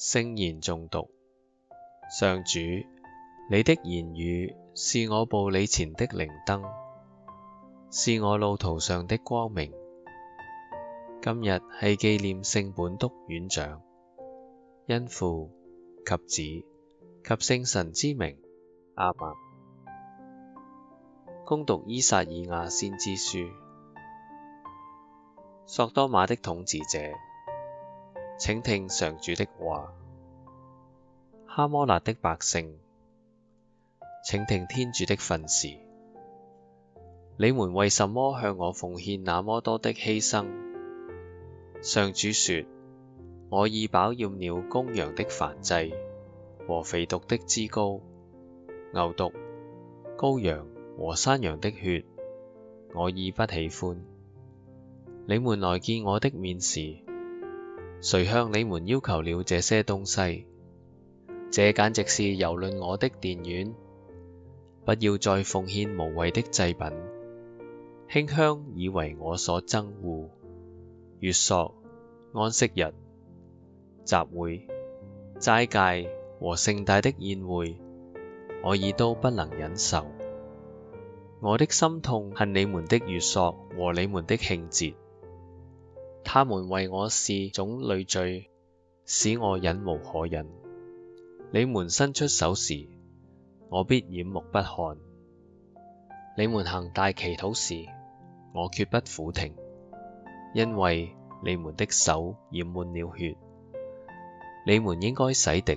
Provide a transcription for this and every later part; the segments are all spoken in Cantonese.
聖言誦讀，上主，你的言語是我步你前的靈燈，是我路途上的光明。今日係紀念聖本篤院長，因父及子及聖神之名阿們。恭讀依撒意亞先知書，索多瑪的統治者，請聽上主的話，哈摩辣的百姓，請聽天主的訓示，你們為什麼向我奉獻那麼多的犧牲？上主說：我已飽饜了公羊的燔祭，和肥犢的脂膏，牛犢、羔羊和山羊的血，我已不喜歡。你們來見我的面時，誰向你們要求了這些東西？這簡直是蹂躪我的殿院！不要再奉獻無謂的祭品。馨香已為我所憎惡，月朔、安息日、集會、齋戒和盛大的宴會，我已都不能忍受。我的心痛恨你們的月朔和你們的慶節。他們為我是種累贅，使我忍無可忍。你們伸出手時，我必掩目不看；你們行大祈禱時，我決不俯聽，因為你們的手染滿了血。你們應該洗滌，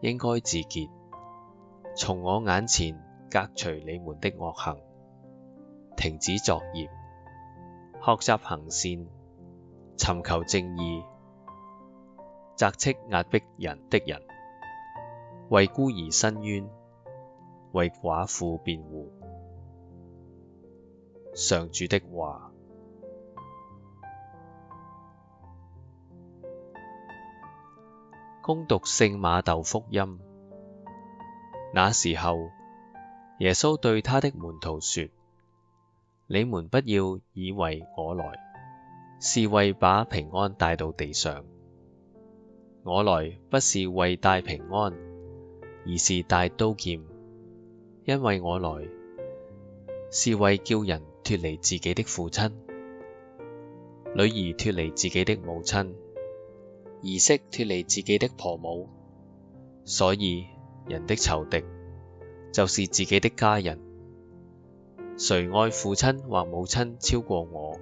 應該自潔，從我眼前革除你們的惡行，停止作孽，學習行善。尋求正義，責斥壓迫人的人，為孤兒伸冤，為寡婦辯護。上主的話，恭讀聖馬竇福音。那時候，耶穌對他的門徒說：你們不要以為我來。是為把平安帶到地上。我來不是為帶平安，而是帶刀劍，因為我來是為叫人脫離自己的父親，女兒脫離自己的母親，兒媳脫離自己的婆母。所以人的仇敵就是自己的家人。誰愛父親或母親超過我，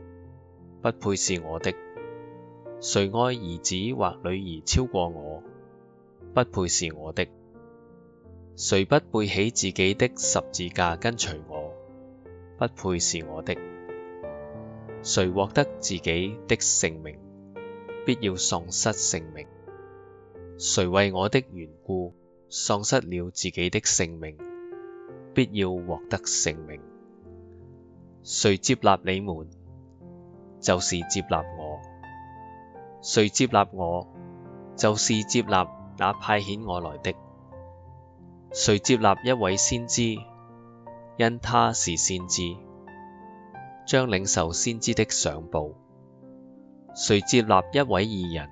不配是我的。誰愛兒子或女兒超過我，不配是我的。誰不背起自己的十字架跟隨我，不配是我的。誰獲得自己的性命，必要喪失性命。誰為我的緣故，喪失了自己的性命，必要獲得性命。誰接納你們，就是接納我。誰接納我，就是接納那派遣我來的。誰接納一位先知，因他是先知，將領受先知的賞報。誰接納一位義人，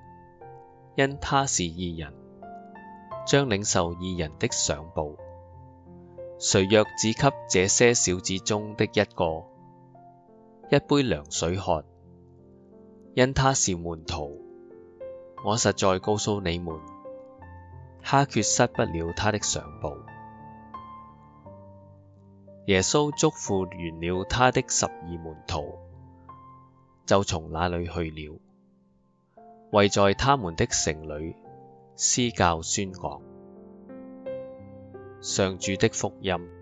因他是義人，將領受義人的賞報。誰若只給這些小子中的一個，一杯涼水喝，因他是門徒，我實在告訴你們，他決失不了他的賞報。耶穌囑咐完了他的十二門徒，就從那裏去了，為在他們的城裏施教宣講上主的福音。